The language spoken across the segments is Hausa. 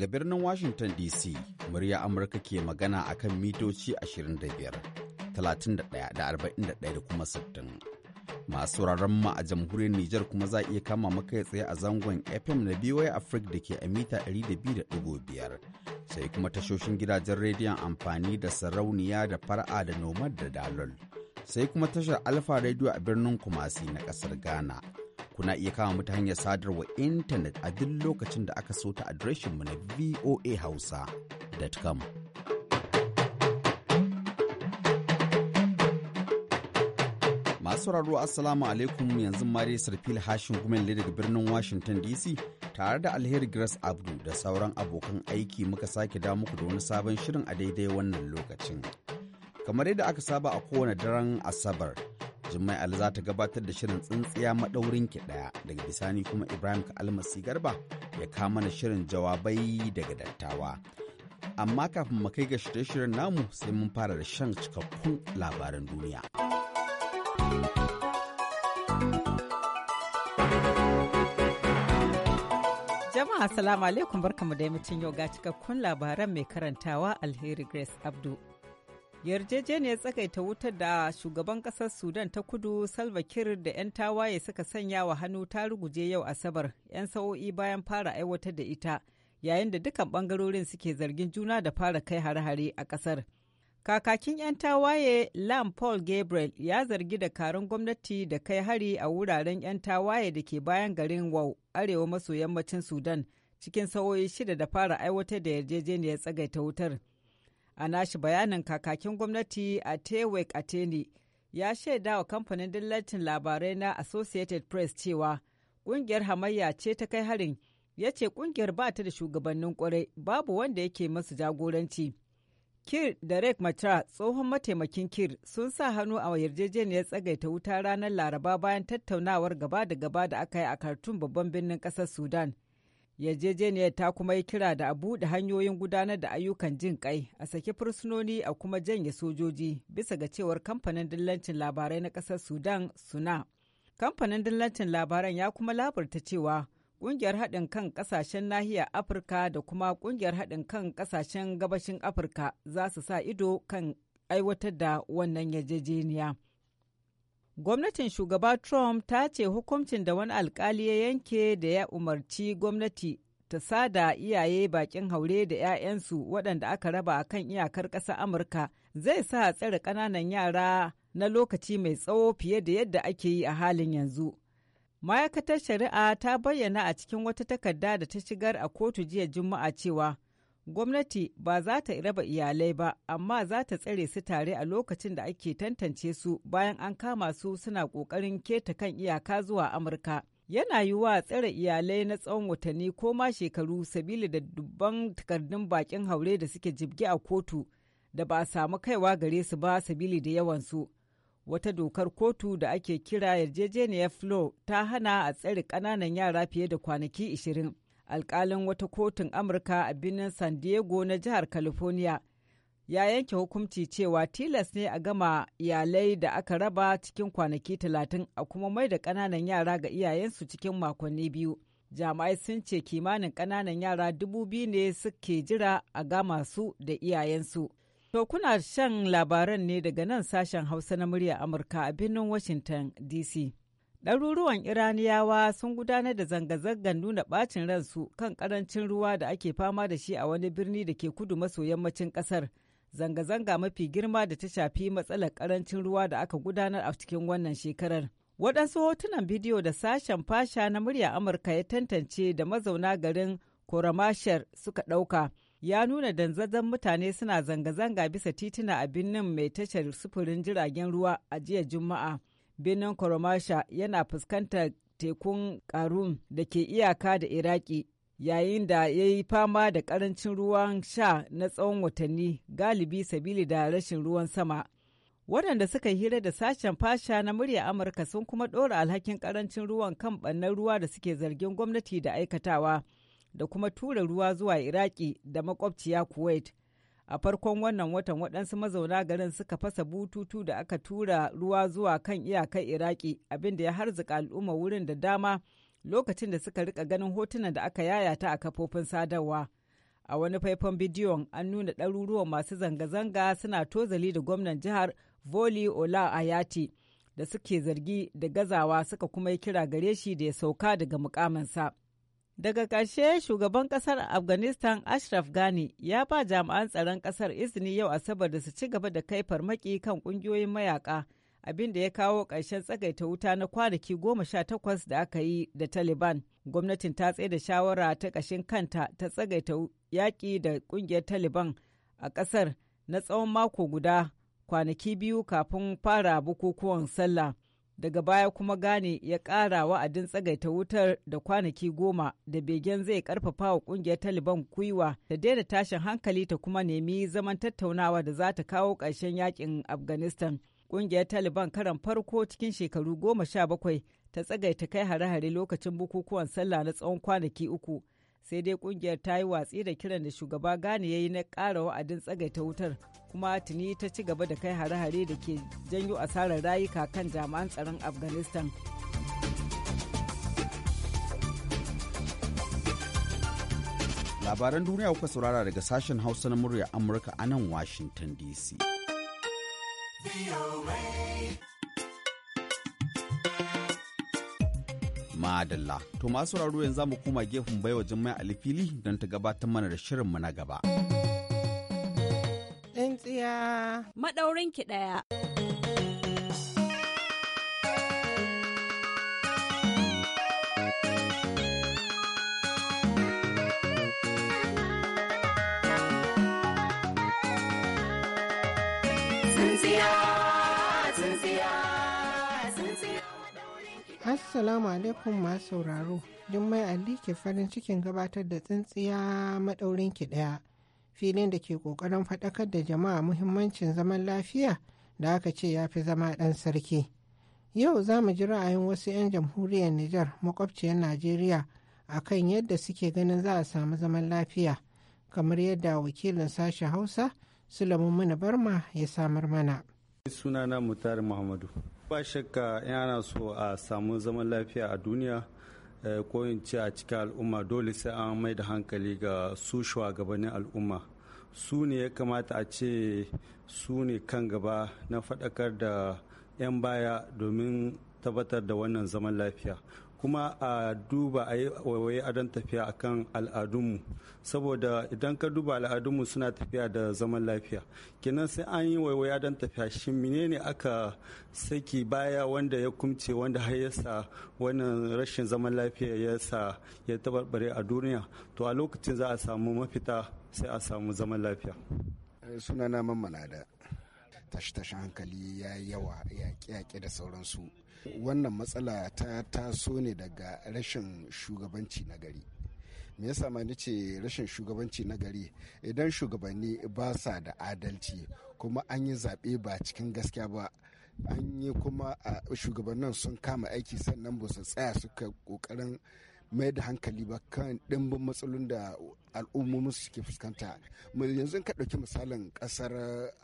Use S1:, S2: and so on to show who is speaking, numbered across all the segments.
S1: Daga birnin Washington DC, murya Amurka ke magana a kan mitoci 25, 31 da da kuma 60. Masu sauraron mu a jamhuriyar Nijar kuma za iya kama maka tsaye a zangon FM na BOA Africa da ke a mita 200.5. Sai kuma tashoshin gidajen rediyon amfani da sarauniya da fara'a da nomad da dalol. Sai kuma tashar Alfa Radio a birnin Kumasi na ƙasar Ghana. kuna iya kama mu ta hanyar sadarwa intanet a duk lokacin da aka so ta mu na voahausa.com. Masu sauraro Assalamu alaikum yanzu mare sarfil hashin gumelle daga birnin Washington DC tare da alheri Grace Abdu da sauran abokan aiki muka sake da muku da wani sabon shirin a daidai wannan lokacin. Kamar yadda aka saba a kowane daren Asabar Jummai Ali za ta gabatar da shirin tsintsiya maɗaurin ki ɗaya daga bisani kuma Ibrahim Almasi Garba ya kama mana shirin jawabai daga dattawa. Amma kafin mu kai ga shirye-shiryen namu sai mun fara da shan cikakkun labaran duniya.
S2: Jama'a salamu alaikum barkamu da yammacin yau ga cikakkun labaran mai karantawa Alheri Grace Abdu. yarjejeniyar tsakaita wutar da shugaban kasar sudan ta kudu salva kir da 'yan tawaye suka sanya wa hannu ta ruguje yau asabar 'yan sa'o'i bayan fara aiwatar da ita yayin da dukkan bangarorin suke zargin juna da fara kai hare-hare a kasar kakakin 'yan tawaye lam paul gabriel ya zargi da karin gwamnati da kai hari a wuraren 'yan tawaye da ke bayan garin wau arewa maso yammacin sudan cikin sa'o'i shida da fara aiwatar da yarjejeniyar tsagaita wutar a nashi bayanin kakakin gwamnati a tewek ateni ya shaida wa kamfanin dillacin labarai na associated press cewa kungiyar hamayya ce ta kai harin ya ce kungiyar ba ta da shugabannin kwarai babu wanda yake masu jagoranci kir da rek matra tsohon mataimakin kir sun sa hannu a yarjejeniyar tsagaita wuta ranar laraba bayan tattaunawar gaba da gaba da aka yi a kartun babban birnin kasar sudan yarjejeniyar ta kuma yi kira da a buɗe hanyoyin gudanar da ayyukan jin kai a saki fursunoni a kuma janye sojoji bisa ga cewar kamfanin dillancin labarai na ƙasar sudan suna kamfanin dillancin labaran ya kuma labarta cewa ƙungiyar haɗin kan ƙasashen nahiyar afirka da kuma ƙungiyar haɗin kan ƙasashen gabashin afirka za su sa ido kan aiwatar da wannan yarjejeniya. Gwamnatin shugaba Trump ta ce hukuncin da wani alkali ya yanke da ya umarci gwamnati ta sada iyaye bakin haure da 'ya'yansu waɗanda aka raba a kan iyakar ƙasa Amurka zai sa tsare ƙananan yara na lokaci mai tsawo fiye da yadda ake yi a halin yanzu. Ma'aikatar Shari'a ta bayyana a cikin wata takarda da ta shigar a kotu jiya Juma'a cewa gwamnati ba za ta raba iyalai ba amma za ta tsare su tare a lokacin da ake tantance su bayan an kama su suna ƙoƙarin keta kan iyaka zuwa amurka yana yiwuwa tsare iyalai na tsawon watanni ko ma shekaru sabili da dubban takardun bakin haure da suke jibgi a kotu da ba a samu kaiwa gare su ba sabili da yawansu wata dokar kotu da ake kira yarjejeniyar flo ta hana a tsare ƙananan yara fiye da kwanaki 20 alkalin wata kotun amurka a birnin san diego na jihar california ya yanke hukunci cewa tilas ne a gama iyalai da aka raba cikin kwanaki talatin a kuma mai da ƙananan yara ga iyayensu cikin makonni biyu jami'ai sun ce kimanin ƙananan yara dubu biyu ne suke jira a gama su da iyayensu to kuna shan labaran ne daga nan sashen hausa na murya amurka a birnin washington dc ɗaruruwan iraniyawa sun gudanar da zanga-zangar nuna ɓacin ransu kan ƙarancin ruwa da ake fama da shi a wani birni da ke kudu maso yammacin ƙasar zanga-zanga mafi girma da ta shafi matsalar ƙarancin ruwa da aka gudanar a cikin wannan shekarar waɗansu hotunan bidiyo da sashen fasha na murya amurka ya tantance da mazauna garin koramashar suka ɗauka ya nuna danzazzan mutane suna zanga-zanga bisa tituna a birnin mai tashar sufurin jiragen ruwa a jiya juma'a birnin Koromasha yana fuskantar tekun Karun da ke iyaka da Iraki yayin da ya yi fama da ƙarancin ruwan sha na tsawon watanni galibi sabili da rashin ruwan sama. Waɗanda suka hira da sashen fasha na murya Amurka sun kuma ɗora alhakin ƙarancin ruwan kan ɓannar ruwa da suke zargin gwamnati da aikatawa da kuma tura ruwa zuwa Iraki da makwabciya Kuwait. a farkon wannan watan waɗansu mazauna garin suka fasa bututu da aka tura ruwa zuwa kan iyakar iraki abinda ya harzika al'umma wurin da dama lokacin da suka rika ganin hotunan da aka yayata a kafofin sadarwa a wani faifan bidiyon an nuna ɗaruruwan masu zanga-zanga suna tozali da gwamnan jihar voli ola ayati da suke zargi da gazawa suka kuma yi kira gare shi da ya sauka daga mukamansa Daga ƙarshe shugaban ƙasar Afghanistan Ashraf Ghani ya ba jami'an tsaron ƙasar izini yau Asabar da su ci gaba da kai farmaki kan ƙungiyoyin mayaka abin da ya kawo ƙarshen tsagaita wuta na kwanaki goma sha takwas da aka yi da Taliban. Gwamnatin ta tsaye da shawara ta ƙashin kanta ta tsagaita yaƙi da ƙungiyar Taliban a ƙasar na tsawon mako guda kwanaki biyu kafin fara bukukuwan sallah. daga baya kuma Gane ya ƙara wa'adin tsagaita wutar da kwanaki goma da begen zai karfafa wa ƙungiyar Taliban kuiwa da daina tashin hankali ta kuma nemi zaman tattaunawa da za ta kawo karshen yakin Afghanistan. Ƙungiyar Taliban karan farko cikin shekaru goma sha bakwai ta tsagaita kai hare-hare lokacin bukukuwan sallah na tsawon kwanaki uku sai dai kungiyar ta yi watsi da kiran da shugaba gane ya yi na ƙara wa'adin tsagaita wutar kuma tuni ta ci gaba da kai hare-hare da ke janyo asarar rayuka kan jami'an tsaron afghanistan
S1: labaran duniya kuka saurara daga sashen hausa na murya amurka a nan washington dc Madalla. To masu sauraro yanzu mu koma gefen baiwa Jummai Alifili don ta gabatar mana da shirinmu na gaba.
S3: Tsintsiya. Maɗaurin ki ɗaya. Assalamu alaikum masu sauraro, Jummai Ali ke farin cikin gabatar da tsintsiya maɗaurin ki ɗaya. Filin da ke ƙoƙarin faɗakar da jama'a muhimmancin zaman lafiya da aka ce ya fi zama ɗan sarki. Yau za mu ji ra'ayin wasu 'yan jamhuriyar Nijar makwabciyar Najeriya a kan yadda suke ganin za a samu zaman lafiya, kamar yadda wakilin sashen Hausa Sulaiman Mana Barma ya samar mana.
S4: Sunana Mutari Muhammadu. ba shakka yana so a samu zaman lafiya a duniya eh, ko in ce a cikin al'umma dole sai an mai da hankali ga su shugabannin al'umma su ne ya kamata a ce su ne kan gaba na faɗakar da 'yan baya domin tabbatar da wannan zaman lafiya kuma a duba a yi waiwaye a tafiya akan al'adunmu saboda idan ka duba al'adunmu suna tafiya da zaman lafiya kenan sai an yi waiwaye adon tafiya shi menene aka saki baya wanda ya kumce wanda har yasa wannan rashin zaman lafiya ya sa ya tabarbare a duniya to a lokacin za a samu mafita sai a samu zaman lafiya
S5: eh, sunana mammalada tashi tashi hankali ya yawa yaƙe-yaƙe da sauransu wannan matsala ta taso ne daga rashin shugabanci na gari me yasa ma ce rashin shugabanci na gari idan shugabanni ba sa da adalci kuma an yi zaɓe ba cikin gaskiya ba an yi kuma shugabannin sun kama aiki sannan ba su tsaya suka ƙoƙarin mai da hankali ba kan ɗimbin matsalolin da al'ummomin su ke fuskanta yanzu in ka ɗauki misalin ƙasar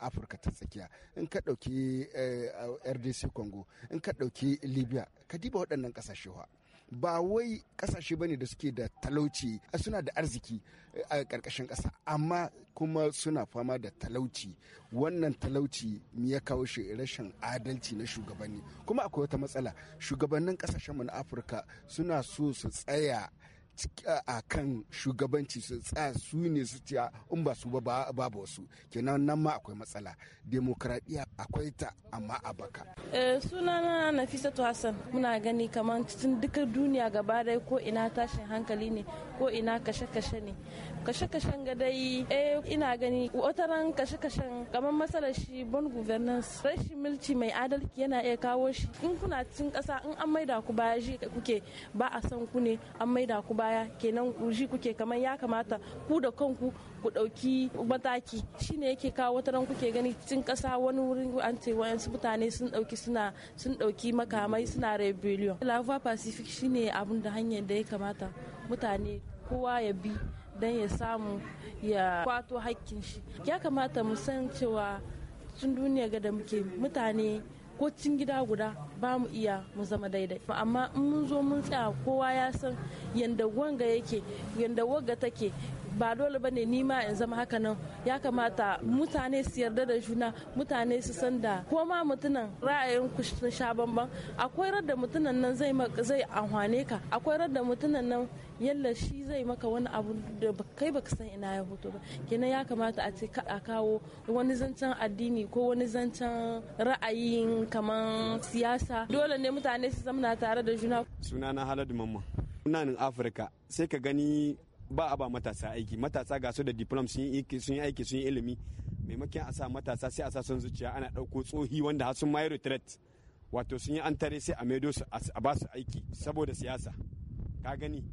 S5: afirka ta tsakiya in ka ɗauki eh, rdc congo in ka ɗauki libya ka diba waɗannan ƙasashe ba wai kasashe ne da suke da talauci suna da arziki eh, a ƙarƙashin ƙasa amma kuma suna fama da talauci wannan talauci ya kawo shi rashin adalci na shugabanni kuma akwai wata matsala shugabannin ƙasashenmu na afirka suna so su tsaya a kan shugabanci su tsaya su ne su ce in ba su ba babu wasu kenan nan ma akwai matsala demokradiyya akwai ta amma a baka
S6: eh, sunana nafisatu hassan muna gani kamar cikin duka duniya gaba dai ko ina tashin hankali ne ko ina kashe-kashe ne kashe-kashen ga dai eh ina gani ran kashe-kashen kamar matsalar shi bon governance rashin milci mai adalci yana iya kawo shi in kuna cikin kasa in an maida ku baya shi kuke ba a san ku ne an maida ku baya kenan ku shi kuke kamar ya kamata ku da kanku ku dauki mataki shine yake kawo ran kuke gani cikin kasa wani wurin an ce wayansu mutane sun dauki suna sun dauki makamai suna rebellion lava pacific shine abin da hanyar da ya kamata mutane kowa ya bi don ya samu ya kwato hakkin shi ya kamata mu san cewa cikin duniya ga da muke mutane ko cin gida guda ba mu iya mu zama daidai amma in mun zo mun tsaya kowa ya san yanda wanga yake yanda wanga take ba dole bane ni ma in zama haka nan ya kamata mutane su yarda da juna mutane su san da ko ma mutunan ra'ayin ku sun sha bamban akwai radda mutunan nan zai zai ka akwai radda mutunan nan yalla shi zai maka wani abu da kai baka san ina ya hoto ba kenan ya kamata a ce a kawo wani zancen addini ko wani zancen ra'ayin kaman siyasa dole ne mutane su zamna tare da juna
S4: sunana haladu mamman nanin afirka sai ka gani ba a ba matasa aiki matasa ga su da diplom sun yi aiki sun yi ilimi maimakon a sa matasa sai a sa son zuciya ana ɗauko tsohi wanda har sun mayar retret wato sun yi an tare sai a maido su a ba su aiki saboda siyasa ka gani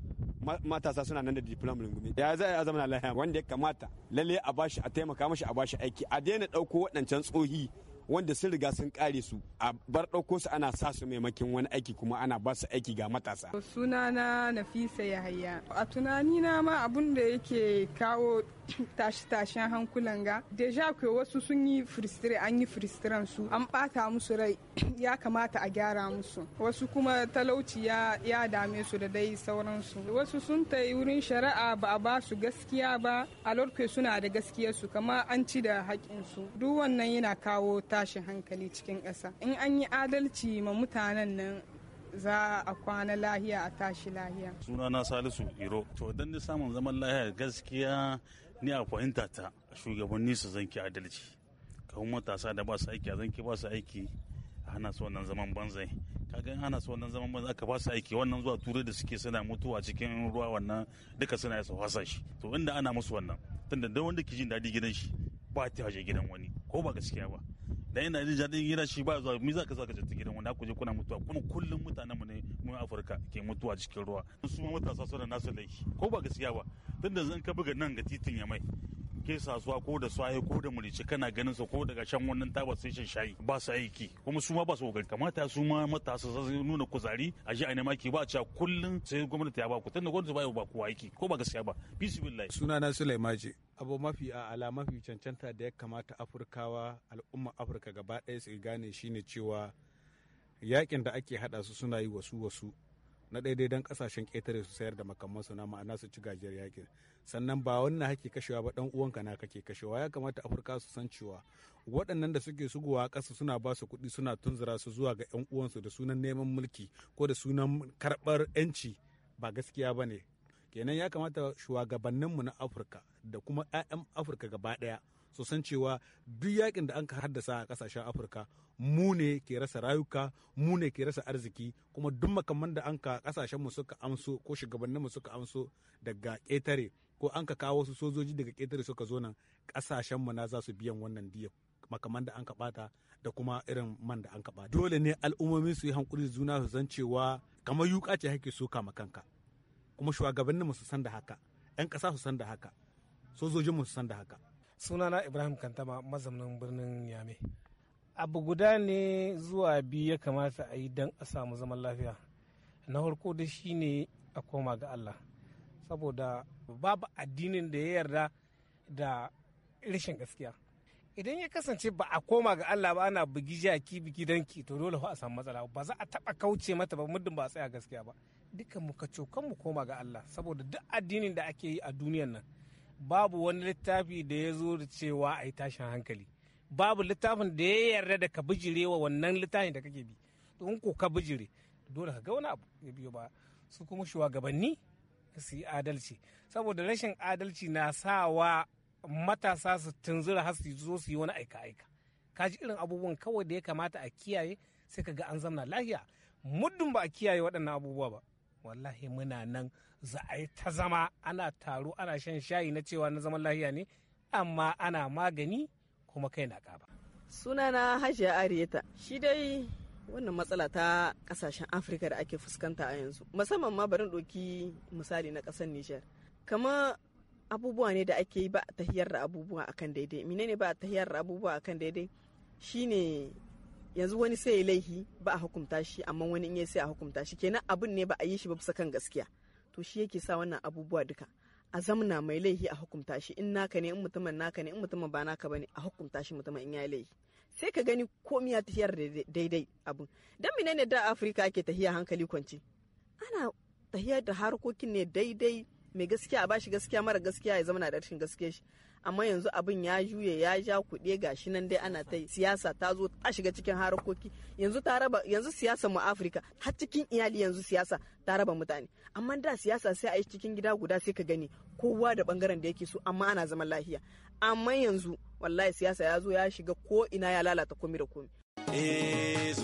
S4: matasa suna nan da diplom lungume ya za a zama lahiya wanda ya kamata lalle a bashi a taimaka mashi a bashi aiki a daina ɗauko waɗancan tsohi wanda sun riga sun kare su a bar ɗauko su ana sa su maimakin wani aiki kuma ana ba su aiki ga matasa.
S7: Sunana Nafisa Yahaya. A tunanina ma abun da yake kawo tashi-tashen hankulan ga deja ko wasu sun yi firistire an yi firistiren su an bata musu rai ya kamata a gyara musu wasu kuma talauci ya dame su da dai sauransu wasu sun ta wurin shari'a ba a ba gaskiya ba a lorke suna da gaskiyar su kama an ci da haƙinsu su duk wannan yana kawo tashin hankali cikin ƙasa in an yi adalci ma mutanen nan za a kwana lahiya a tashi lahiya
S8: Suna na salisu
S4: iro to don samun zaman lahiya gaskiya ni a fahimta ta shugabanni su zanki adalci kawun matasa da ba su aiki a zanki ba su aiki a hana su wannan zaman banzai kaga hana su wannan zaman banzai aka ba su aiki wannan zuwa turai da suke suna mutuwa cikin ruwa wannan duka suna yasa wasa shi to inda ana musu wannan tunda da wanda ke jin daɗi gidan shi ba ta haje gidan wani ko ba gaskiya ba da yana jin jadi gida shi ba zuwa miza za ka zaka cikin gidan wanda ku je kuna mutuwa kuma kullum mutanen mu ne mu Afirka ke mutuwa cikin ruwa su ma matasa suna nasu laifi ko ba gaskiya ba tunda zan ka buga nan ga titin ya mai ke sasuwa ko da swaye ko da murici kana ganin sa ko daga shan wannan tabar sai shan shayi ba su aiki kuma su ma ba su kokarin kamata su ma matasa su nuna kuzari a ji ainihin maki ba a cewa kullum sai gwamnati ya ba ku tunda gwamnati ba ba kowa aiki ko ba gaskiya ba bismillah sunana sulaimaji abu mafi a ala mafi cancanta da ya kamata afirkawa al'umma afirka gaba ɗaya su gane shine cewa yakin da ake hada su suna yi wasu wasu na daidai don kasashen ƙetare su sayar da makamansu na ma'ana su ci gajiyar yakin sannan ba wannan hake kashewa ba dan uwanka na kake kashewa ya kamata afirka su san cewa waɗannan da suke sugowa ƙasa suna ba su kuɗi suna tunzura su zuwa ga 'yan uwansu da sunan neman mulki ko da sunan karɓar 'yanci ba gaskiya ba ne kenan ya kamata shugabanninmu na afirka da kuma 'ya'yan afirka gaba ɗaya su san cewa duk yakin da an ka haddasa a kasashen afirka mu ne ke rasa rayuka mu ne ke rasa arziki kuma duk makamman da an ka kasashen mu suka amso ko shugabannin mu suka amso daga ƙetare ko an ka kawo su sojoji daga ƙetare suka zo nan kasashen mu na za su biyan wannan diya makamman da an ka bata da kuma irin man da an ka bata dole ne al'ummomi su yi hankuri juna su san cewa kamar yuka ce hake so kama kanka kuma shugabannin mu su san da haka 'yan kasa su san da haka sojojin mu su san da haka sunana ibrahim
S9: kantama mazaunin birnin yame abu guda ne zuwa biyu ya kamata a yi don a samu zaman lafiya na farko da shi ne a koma ga allah saboda babu addinin da ya yarda da rashin gaskiya idan ya kasance ba a koma ga allah ba ana bugi jaki bigi danki to dole fa a samu matsala ba za a taba kauce mata ba muddin ba a tsaya gaskiya ba dukkan mu ka mu koma ga allah saboda duk addinin da ake yi a duniyar nan babu wani littafi da ya zo da cewa a yi tashin hankali babu littafin da ya yarda da ka bijire wa wannan littafin da kake bi don ko ka bijire dole ka ga wani abu ya biyo ba su kuma shugabanni su yi adalci saboda rashin adalci na sawa matasa su tunzura har zo su yi wani aika-aika ka ji irin abubuwan kawai da ya kamata a kiyaye sai ka ga an zamna lahiya muddin ba a kiyaye waɗannan abubuwa ba wallahi muna nan za a yi ta zama ana taro ana shan shayi na cewa na zaman lahiya ne amma ana magani kuma kai na ƙaba.
S7: sunana hajiya arieta shi dai wannan matsala ta kasashen afirka da ake fuskanta a yanzu musamman ma barin ɗoki misali na ƙasar nijar kama abubuwa ne da ake yi ba a tahiyar da abubuwa akan daidai menene ba a tahiyar da abubuwa akan daidai shine yanzu wani sai ya laihi ba a hukunta shi amma wani in ya sai a hukunta shi kenan abin ne ba a yi shi ba bisa kan gaskiya to shi yake sa wannan abubuwa duka a zamna mai laihi a hukunta shi in naka ne in mutumin naka ne in mutumin ba naka bane a hukunta shi mutumin in ya yi laihi sai ka gani komai ya tafiyar daidai abin dan menene da Afirka ake tahiya hankali kwance ana tahiyar da harkokin ne daidai mai gaskiya a bashi gaskiya mara gaskiya ya zamana da rashin gaskiya shi amma yanzu abin ya juya ya ja kuɗe shi nan dai ana ta siyasa ta zo ta shiga cikin harkoki yanzu ta raba yanzu siyasa mu Afirka har cikin iyali yanzu siyasa ta raba mutane amma da siyasa sai a yi cikin gida guda sai ka gani kowa da bangaren da yake so amma ana zaman lafiya amma yanzu wallahi siyasa ya zo ya shiga ko ina ya lalata komi da komi.
S8: Eh,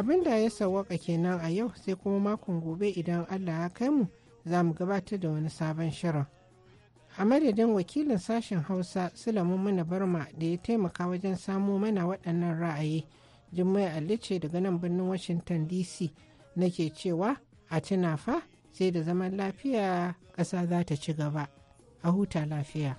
S3: abin da ya sawwaka kenan a yau sai kuma makon gobe idan allah ya kai mu za mu gabatar da wani sabon shirin a madadin wakilin sashen hausa sulamun mana barma da ya taimaka wajen samo mana waɗannan ra'ayi jummai alice daga nan birnin washington dc nake cewa a tuna fa sai da zaman lafiya ƙasa za ta ci gaba a huta lafiya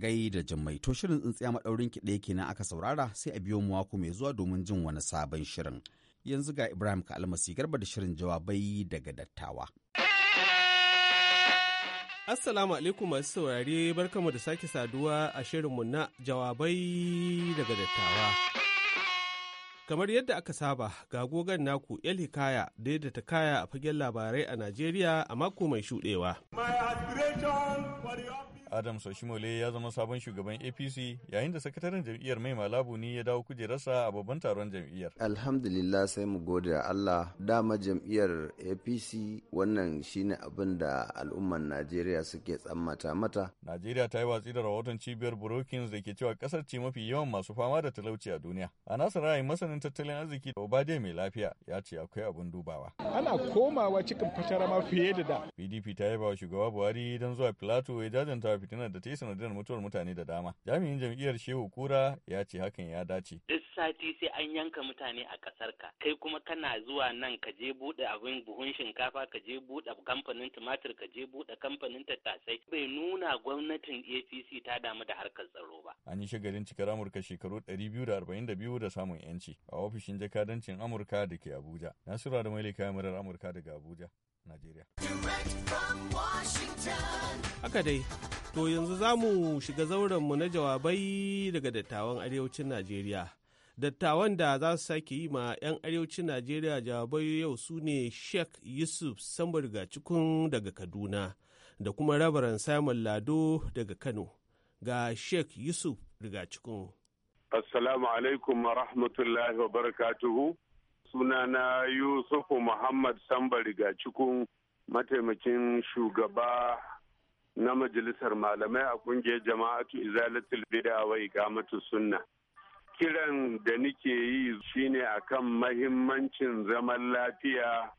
S1: gai da jimmai to shirin tsintsiya maɗaurin kiɗe kenan aka saurara sai a biyo mu mako mai zuwa domin jin wani sabon shirin. Yanzu ga Ibrahim ka almasi garba da shirin jawabai daga dattawa.
S10: Assalamu alaikum masu saurare barkamu da sake saduwa a shirinmu na jawabai daga dattawa. Kamar yadda aka saba ga gogon naku 'yar Hikaya da ta kaya a fagen labarai a Najeriya a
S11: mako mai shuɗewa. Adam Soshimole ya zama sabon shugaban APC yayin da sakataren jam'iyyar mai malabu ne ya dawo kujerarsa a babban taron jam'iyyar.
S1: Alhamdulillah sai mu gode Allah dama jam'iyyar APC wannan shine abin da al'ummar Najeriya suke tsammata mata.
S11: Najeriya ta yi watsi da rahoton cibiyar Brookings da ke cewa kasar ce mafi yawan masu fama da talauci a duniya. A nasu ra'ayin masanin tattalin arziki da Obade mai lafiya ya ce akwai abin dubawa.
S4: Ana komawa cikin fashara ma fiye da da.
S11: PDP ta yaba wa shugaba Buhari don zuwa Filato ya jajanta fitinar da ta yi sanadiyar mutuwar mutane da dama. Jami'in jam'iyyar Shehu Kura ya ce hakan ya dace.
S5: Duk sati sai an yanka mutane a kasar ka, kai kuma kana zuwa nan ka je buɗe abin buhun shinkafa, ka je buɗe kamfanin tumatir, ka je buɗe kamfanin tattasai. Bai nuna gwamnatin APC ta damu da harkar
S11: tsaro ba. An yi shagalin cikar Amurka shekaru 242 da samun 'yanci a ofishin jakadancin Amurka da ke Abuja. Nasiru da Mailika Murar Amurka daga Abuja. Najeriya. Haka dai, to yanzu za mu shiga zaurenmu
S10: na jawabai daga dattawan arewacin Najeriya. Dattawan da za su sake yi ma 'yan arewacin Najeriya jawabai yau su ne Sheikh Yusuf Sambarga Cikun daga Kaduna da kuma rabaran Simon Lado daga Kano ga Sheikh Yusuf Rigacikun.
S12: Assalamu alaikum wa rahmatullahi wa barakatuhu. sunana yusufu muhammad sambari ga mataimakin shugaba na majalisar malamai a kungiyar jama'atu izalatul bid'a wa iqamatu sunna kiran da nike yi shine akan mahimmancin zaman lafiya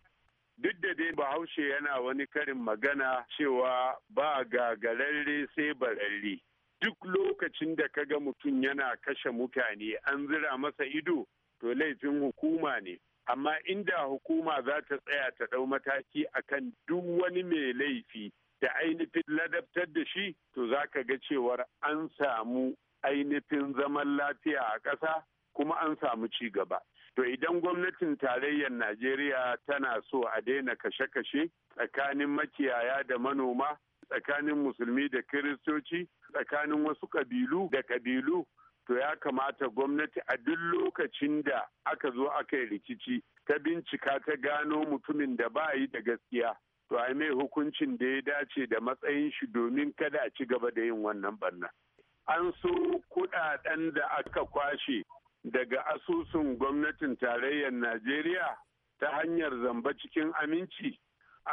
S12: duk da dai bahaushe yana wani karin magana cewa ba gagararre sai bararre duk lokacin da kaga mutum yana kashe mutane an zira masa ido to laifin hukuma ne amma inda hukuma za ta tsaya ta ɗau mataki akan duk wani mai laifi da ainihin ladabtar da shi to za ka ga cewar an samu ainihin zaman lafiya a ƙasa kuma an samu ci gaba. To idan gwamnatin tarayyar Najeriya tana so a daina kashe-kashe tsakanin makiyaya da manoma, tsakanin musulmi da kiristoci, tsakanin wasu ƙabilu da ƙabilu, to ya kamata gwamnati a duk lokacin da aka zo aka yi rikici ta bincika ta gano mutumin da ba yi da gaskiya to a mai hukuncin da ya dace da matsayin shi domin kada a ci gaba da yin wannan barna. An so kudaden da aka kwashe daga asusun gwamnatin tarayyar Najeriya ta hanyar zamba cikin aminci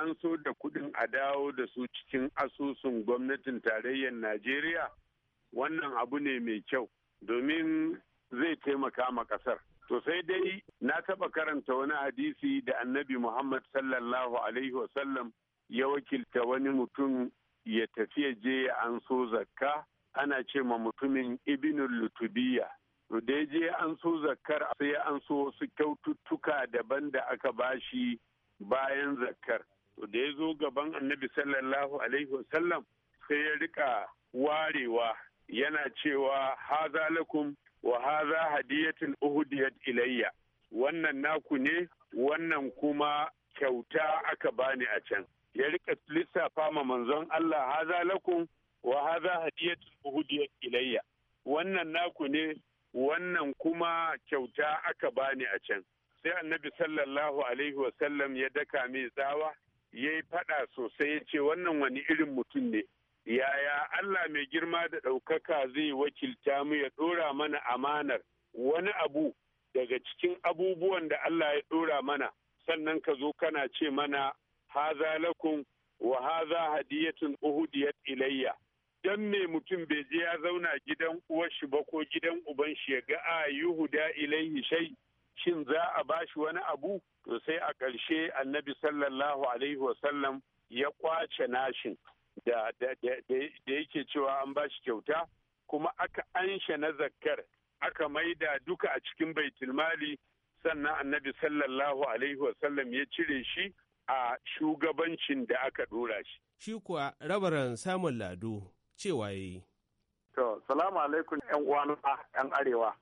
S12: an so da kudin a dawo da su cikin asusun gwamnatin tarayyar Najeriya wannan abu ne mai kyau. domin zai taimaka ma ƙasar. To sai dai na taɓa karanta wani hadisi da annabi Muhammad sallallahu Alaihi wasallam ya wakilta wani mutum ya tafi je ya an so zakka ana ce ma mutumin ibinul lutubiya. To dai je an so zakkar sai ya an so wasu kyaututtuka daban da aka bashi bayan zakkar. To da ya zo gaban annabi sallallahu Alaihi wasallam sai ya riƙa warewa yana cewa haza lakum wa haza hadiyatin uhudiyat ilayya wannan naku ne wannan kuma kyauta aka bani a can ya rika lissafa ma manzon Allah haza lakum wa haza hadiyatin uhudiyat ilayya wannan naku ne wannan kuma kyauta aka bani a can sai annabi sallallahu alaihi wa sallam, ya daka mai tsawa yayi yi faɗa sosai ya ce wannan wani irin mutum ne yaya Allah mai girma da ɗaukaka zai wakilta mu ya ɗora mana amanar wani abu daga cikin abubuwan da Allah ya ɗora mana sannan ka zo kana ce mana haza lakum wa haza hadiyatun uhudiyat ilayya dan me mutum bai je ya zauna gidan uwar shi ba ko gidan uban shi ya ga a yuhuda ilayhi shay shin za a bashi wani abu to sai a ƙarshe annabi sallallahu alaihi wa sallam ya kwace nashin da yake cewa an ba shi kyauta kuma aka ansha na zakkar aka maida duka a cikin baitulmali sannan annabi sallallahu alaihi wasallam ya cire shi a shugabancin da aka
S11: dora shi.
S10: Shi kuwa rabaran samun lado cewa ya yi.
S11: To, salamu alaikum ‘yan uwana ‘yan arewa.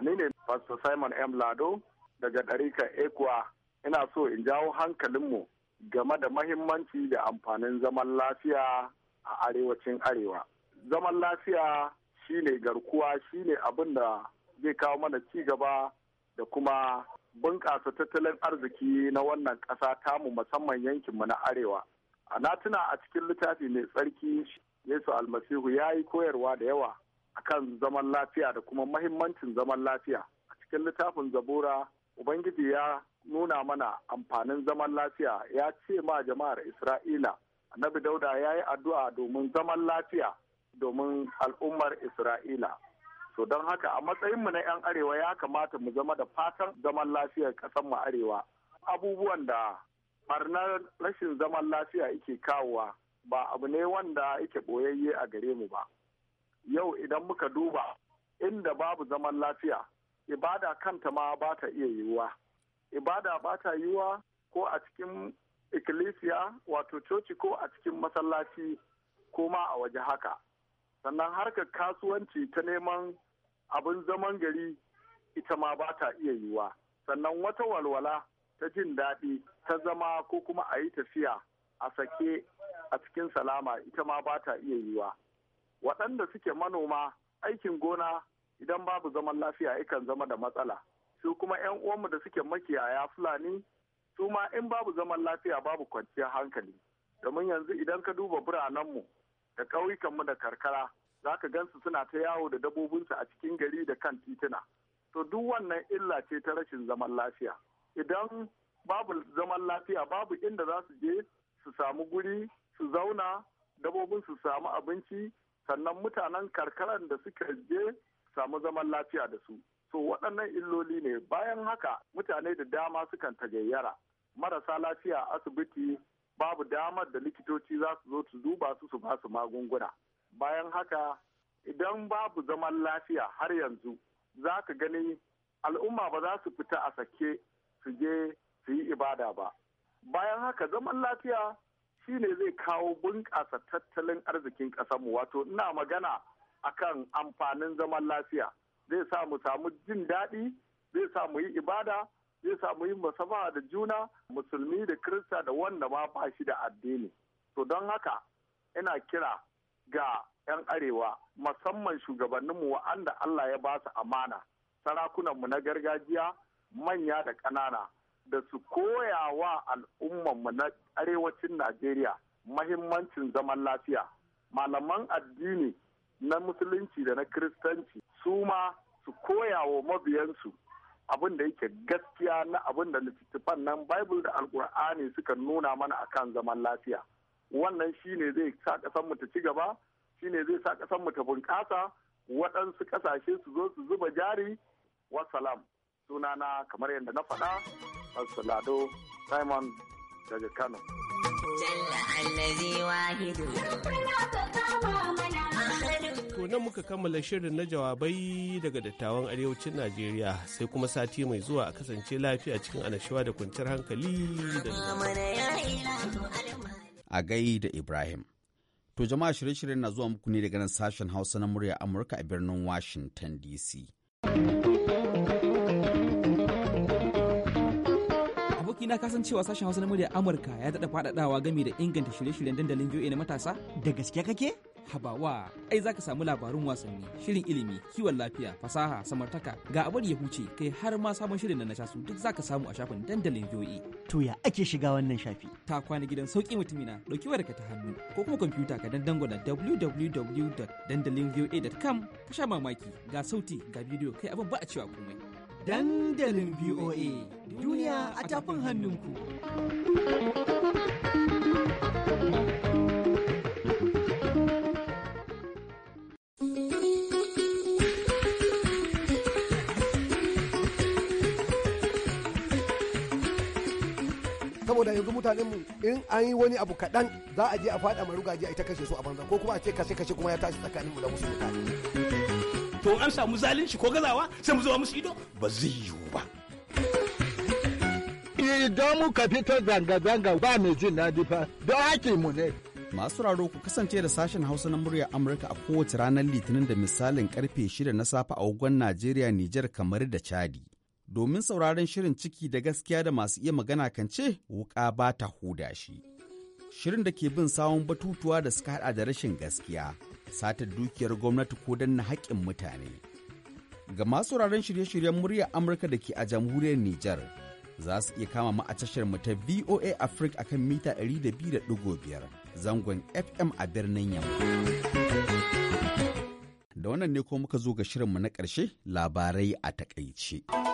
S11: Ni ne Pastor Simon M. Lado daga ɗarika Ekuwa. Ina so in jawo hankalinmu game da mahimmanci da amfanin zaman lafiya a arewacin arewa. Zaman lafiya shi ne garkuwa shi ne abin da zai kawo mana ci gaba da kuma bunƙasa tattalin arziki na wannan ƙasa tamu musamman yankinmu na arewa. A na tuna a cikin littafi mai tsarki Yesu almasihu ya yi koyarwa da yawa a kan zaman lafiya da kuma mahimmancin zaman lafiya. A cikin littafin zabura Ubangiji ya nuna mana amfanin zaman lafiya ya ce ma jama'ar isra'ila annabi dauda ya yi addu'a domin zaman lafiya domin al'ummar isra'ila to don haka a matsayinmu na 'yan arewa ya kamata mu zama da fatan zaman lafiyar mu arewa abubuwan da barnar rashin zaman lafiya yake kawowa ba abu ne wanda yake ɓoyayye a gare mu ba yau idan muka duba inda babu zaman lafiya ibada kanta ma ba ta iya yiwuwa ibada ba ta yiwa ko a cikin ikkilisiya wato coci ko a cikin masallaci ko ma a waje haka sannan harkar kasuwanci ta neman abin zaman gari ita ma ba ta iya yiwa sannan wata walwala ta jin daɗi ta zama ko kuma a yi tafiya a sake a cikin salama ita ma ba ta iya yiwa waɗanda suke manoma aikin gona idan babu zaman lafiya yakan zama da matsala su kuma 'yan uwanmu da suke makiyaya fulani su ma in babu zaman lafiya babu kwanciyar hankali domin yanzu idan ka duba biranenmu da ƙauyukanmu da karkara za ka gansu suna ta yawo da dabobinsu a cikin gari da kan tituna to duk wannan illa ce ta rashin zaman lafiya idan babu zaman lafiya babu inda za su je su samu guri su zauna dabobin su samu abinci sannan mutanen karkaran da suka je samu zaman lafiya da su so waɗannan illoli ne bayan haka mutane da dama sukan tagayyara marasa lafiya asibiti babu damar da likitoci za su zo su duba su su basu magunguna bayan haka idan babu zaman lafiya har yanzu za ka gani al'umma ba za su fita a sake su je su yi ibada ba bayan haka zaman lafiya shi ne zai kawo bunƙasa tattalin arzikin ƙasarmu wato ina magana akan amfanin zaman lafiya zai sa mu samu jin daɗi zai sa mu yi ibada zai sa mu yi musama da juna musulmi da kirista da wanda ma ba shi da addini to don haka ina kira ga 'yan arewa musamman shugabanninmu wa'anda Allah ya ba su amana sarakunanmu na gargajiya manya da ƙanana da su koya wa al'ummanmu na arewacin Najeriya mahimmancin zaman lafiya malaman addini na musulunci da na kiristanci su ma su koya wa mabiyansu abin da yake gaskiya na abin da littattafan nan bible da alkur'ani suka nuna mana a kan zaman lafiya wannan shine zai sa ƙasar mu ta ci gaba shine zai sa ƙasar mu ta bunƙasa waɗansu ƙasashe su zo su zuba jari Suna sunana kamar yadda na faɗa Salado Simon daga Kano.
S10: Jalla
S3: Allah wahidu.
S10: to nan muka kammala shirin na jawabai daga dattawan arewacin Najeriya sai kuma sati mai zuwa a kasance
S1: lafiya cikin anashawa da kwanciyar hankali da A gai da Ibrahim. To jama'a shirye-shiryen na zuwa muku ne daga nan sashen Hausa na murya Amurka a birnin Washington DC. aboki na kasan cewa sashen hausa na murya amurka ya daɗa faɗaɗawa game da inganta shirye-shiryen dandalin voa na matasa da gaske kake habawa ai zaka samu labarun wasanni shirin ilimi kiwon lafiya fasaha samartaka ga abar ya huce kai har ma sabon shirin na su duk zaka samu a shafin dandalin voa to ya ake shiga wannan shafi ta kwana gidan sauki mutumina dauki wayarka ta hannu ko kuma kwamfuta ka dan dangwada www.dandalinvoa.com ka sha mamaki ga sauti ga bidiyo kai abin ba a cewa komai dandalin voa
S7: duniya a tafin hannunku thank
S9: saboda yanzu mu in an yi wani abu kaɗan za a je a faɗa marugaji a ita kashe su a banza ko kuma a ce kashe kashe kuma ya tashi tsakaninmu da musu
S4: mutane. to an samu zalunci ko gazawa sai mu zuba musu ido ba zai yiwu ba.
S1: idan muka fito zanga-zanga ba mai jin daɗi fa don mu ne. Masu raro ku kasance da sashen Hausa na muryar Amurka a kowace ranar Litinin da misalin karfe 6 na safe a ugon Najeriya, Nijar kamar da Chadi. domin sauraron shirin ciki da gaskiya da masu iya magana kan ce wuƙa ba ta huda shi. Shirin da ke bin sawon batutuwa da suka haɗa da rashin gaskiya, satar dukiyar gwamnati ko danna haƙƙin mutane. Ga masu sauraron shirye-shiryen muryar Amurka da ke a jamhuriyar Nijar, za su iya kama mu a tashar mu ta VOA Africa akan mita biyar, zangon FM a birnin Yamma. da wannan ne ko muka zo ga shirin mu na ƙarshe labarai a takaice.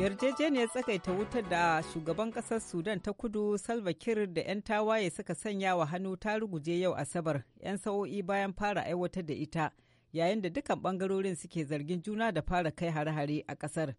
S2: yarjejeniyar tsakaita wutar da shugaban kasar sudan ta kudu salva kir da 'yan tawaye suka sanya wa hannu ta ruguje yau asabar 'yan sa'o'i bayan fara aiwatar da ita yayin da dukkan bangarorin suke zargin juna da fara kai hare-hare a kasar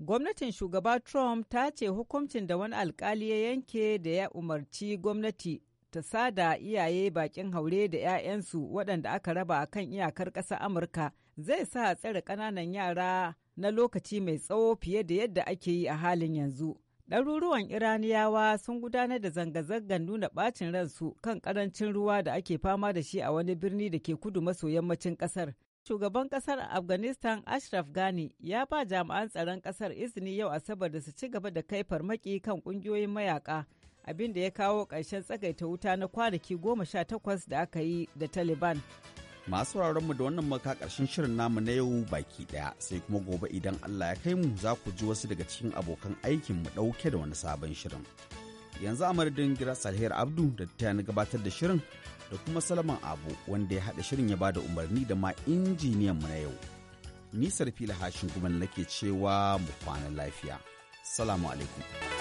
S2: gwamnatin shugaba trump ta ce hukuncin da wani alkali ya yanke da ya umarci gwamnati ta sada iyaye bakin haure da 'ya'yansu waɗanda aka raba akan iyakar ƙasar amurka zai sa a tsare ƙananan yara na lokaci mai tsawo fiye da yadda ake yi a halin yanzu. Ɗaruruwan Iraniyawa sun gudanar da zanga-zangar nuna ɓacin ransu kan ƙarancin ruwa da ake fama da shi a wani birni da ke kudu maso yammacin ƙasar. Shugaban ƙasar Afghanistan Ashraf Ghani ya ba jami'an tsaron ƙasar izini yau Asabar da su ci gaba da kai farmaki kan ƙungiyoyin mayaƙa, abinda ya kawo ƙarshen tsagaita wuta na kwanaki goma sha takwas da aka yi da Taliban.
S1: Masu mu da wannan maka ƙarshen shirin namu na yau baki ɗaya sai kuma gobe idan Allah ya kai mu za ku ji wasu daga cikin abokan aikin mu ɗauke da wani sabon shirin. Yanzu a madadin gira Salihar Abdu da ta na gabatar da shirin da kuma Salaman Abu wanda ya haɗa shirin ya bada umarni da ma injiniyan mu na yau. ni sarfila hashin kuma nake cewa mu kwana lafiya. Salamu alaikum.